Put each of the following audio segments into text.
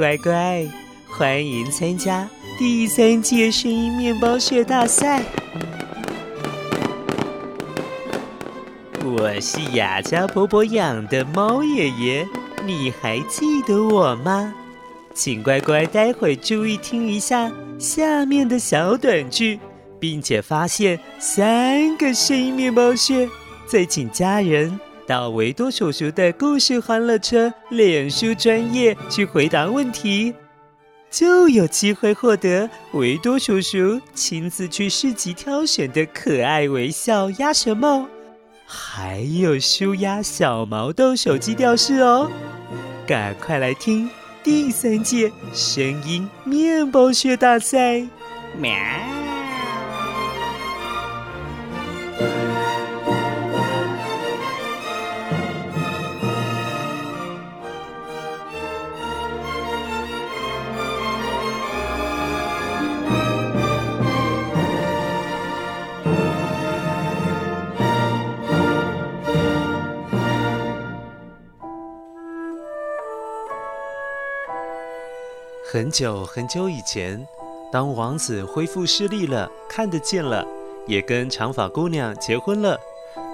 乖乖，歡迎參加第三屆聲音麵包屑大賽。我是雅家婆婆養的貓爺爺，你還記得我嗎？請乖乖待會注意聽一下下面的小短劇，並且發現三個聲音麵包屑，再請家人。到維多叔叔的故事歡樂車臉書專業去回答問題，就有機會獲得維多叔叔親自去市集挑選的可愛微笑鴨舌帽，還有舒壓小毛豆手機吊飾哦！趕快來聽第三屆聲音麵包屑大賽，喵！很久很久以前，當王子恢復視力了，看得見了，也跟長髮姑娘結婚了，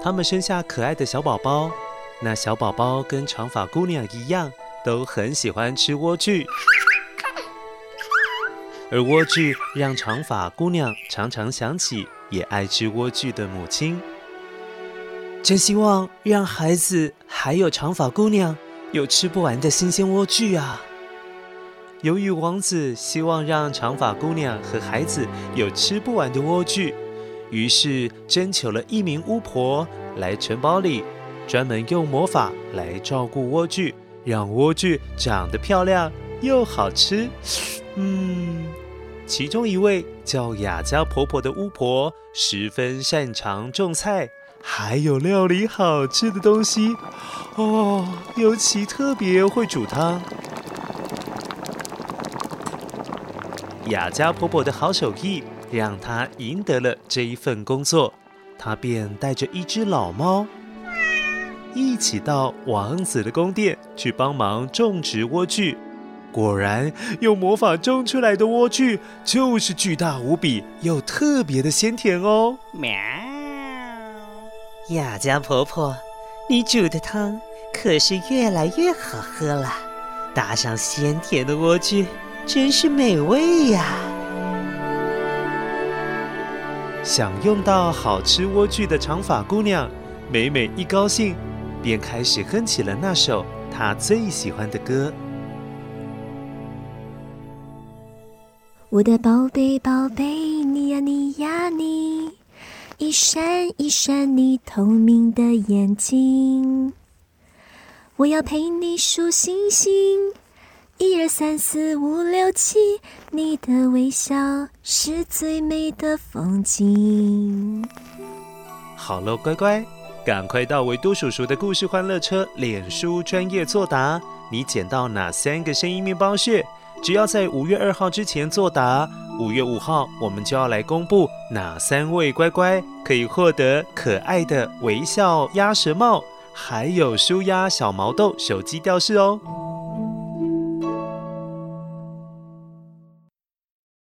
他們生下可愛的小寶寶。那小寶寶跟長髮姑娘一樣，都很喜歡吃萵苣。 而萵苣讓長髮姑娘常常想起也愛吃萵苣的母親。真希望讓孩子還有長髮姑娘有吃不完的新鮮萵苣啊！由於王子希望讓長髮姑娘和孩子有吃不完的萵苣，於是徵求了一名巫婆來城堡裡，專門用魔法來照顧萵苣，讓萵苣長得漂亮又好吃。嗯，其中一位叫雅加婆婆的巫婆十分擅長種菜，還有料理好吃的東西，哦，尤其特別會煮湯。雅家婆婆的好手藝，讓她贏得了這一份工作。她便帶着一隻老貓，一起到王子的宮殿去幫忙種植萵苣。果然，用魔法種出來的萵苣就是巨大無比又特別的鮮甜哦。喵！雅家婆婆，你煮的湯可是越來越好喝了，搭上鮮甜的萵苣。真是美味呀！享用到好吃萵苣的長髮姑娘，美美一高興，便開始哼起了那首她最喜歡的歌。我的寶貝寶貝，你呀你呀你，一閃一閃你透明的眼睛，我要陪你數星星。一二三四五六七，你的微笑是最美的風景。好了，乖乖，趕快到維多叔叔的故事歡樂車臉書專業作答。你撿到哪三個聲音麵包屑？只要在五月二號之前作答，五月五號我們就要來公布哪三位乖乖可以獲得可愛的微笑鴨舌帽，還有紓壓小毛豆手機吊飾哦。